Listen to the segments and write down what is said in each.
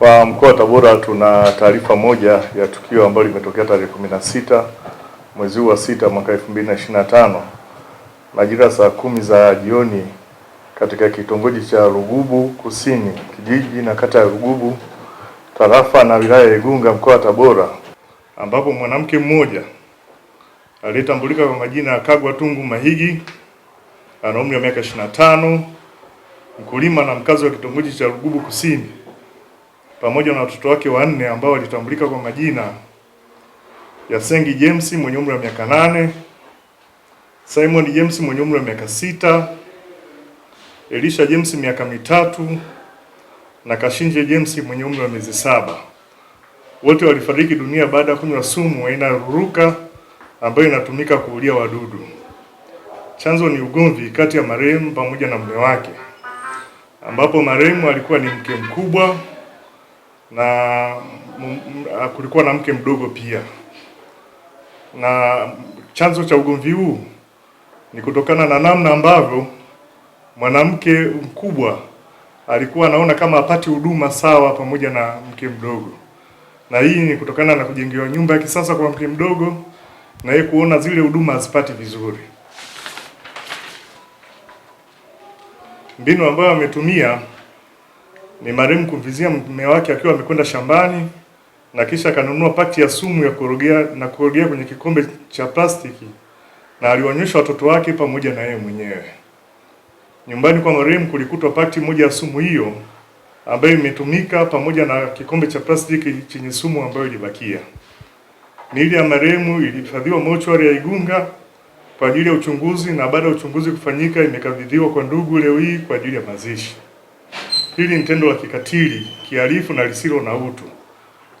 Kwa mkoa wa Tabora tuna taarifa moja ya tukio ambalo limetokea tarehe 16 mwezi huu wa sita mwaka 2025 majira saa kumi za jioni katika kitongoji cha Rugubu Kusini kijiji na kata ya Rugubu tarafa na wilaya ya Igunga mkoa wa Tabora ambapo mwanamke mmoja aliyetambulika kwa majina ya Kagwa Tungu Mahigi ana umri wa miaka 25 mkulima na mkazi wa kitongoji cha Rugubu Kusini pamoja na watoto wake wanne ambao walitambulika kwa majina ya Sengi James mwenye umri wa miaka nane, Simon James mwenye umri wa miaka sita, Elisha James miaka mitatu na Kashinje James mwenye umri wa miezi saba. Wote walifariki dunia baada ya kunywa sumu aina ya ruruka ambayo inatumika kuulia wadudu. Chanzo ni ugomvi kati ya marehemu pamoja na mume wake, ambapo marehemu alikuwa ni mke mkubwa na kulikuwa na mke mdogo pia, na chanzo cha ugomvi huu ni kutokana na namna ambavyo mwanamke mkubwa alikuwa anaona kama apati huduma sawa pamoja na mke mdogo, na hii ni kutokana na kujengewa nyumba ya kisasa kwa mke mdogo na yeye kuona zile huduma hazipati vizuri. Mbinu ambayo ametumia ni marehemu kumvizia mume wake akiwa amekwenda shambani na kisha akanunua pakti ya sumu ya kurogea na kurogea kwenye kikombe cha plastiki na alionyesha watoto wake pamoja na yeye mwenyewe. Nyumbani kwa marehemu kulikutwa pakti moja ya sumu hiyo ambayo imetumika pamoja na kikombe cha plastiki chenye sumu ambayo ilibakia. Miili ya marehemu ilihifadhiwa mochwari ya Igunga kwa ajili ya uchunguzi na baada ya uchunguzi kufanyika imekabidhiwa kwa ndugu leo hii kwa ajili ya mazishi. Hili ni tendo la kikatili, kihalifu na lisilo na utu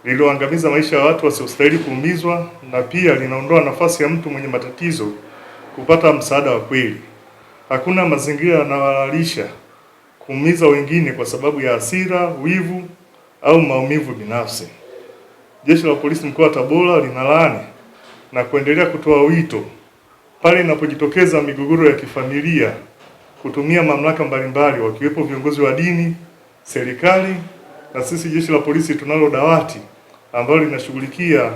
lililoangamiza maisha ya watu wasiostahili kuumizwa, na pia linaondoa nafasi ya mtu mwenye matatizo kupata msaada wa kweli. Hakuna mazingira yanayohalalisha kuumiza wengine kwa sababu ya hasira, wivu au maumivu binafsi. Jeshi la Polisi mkoa wa Tabora linalaani na kuendelea kutoa wito pale inapojitokeza migogoro ya kifamilia, kutumia mamlaka mbalimbali wakiwepo viongozi wa dini serikali na sisi jeshi la polisi tunalo dawati ambalo linashughulikia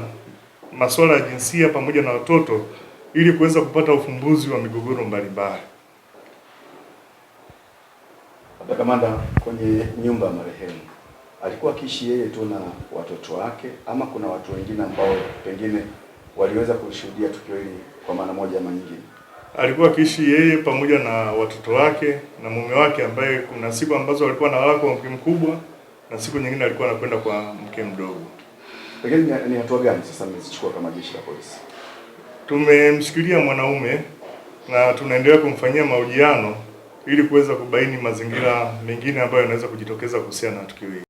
masuala ya jinsia pamoja na watoto ili kuweza kupata ufumbuzi wa migogoro mbalimbali. Kamanda, kwenye nyumba ya marehemu alikuwa akiishi yeye tu na watoto wake, ama kuna watu wengine ambao pengine waliweza kushuhudia tukio hili kwa maana moja ama nyingine? alikuwa akiishi yeye pamoja na watoto wake na mume wake, ambaye kuna siku ambazo alikuwa analala kwa mke mkubwa na siku nyingine alikuwa anakwenda kwa mke mdogo. Lakini ni hatua gani sasa mmezichukua kama jeshi la polisi? Tumemshikilia mwanaume na tunaendelea kumfanyia mahojiano ili kuweza kubaini mazingira mengine ambayo yanaweza kujitokeza kuhusiana na tukio hili.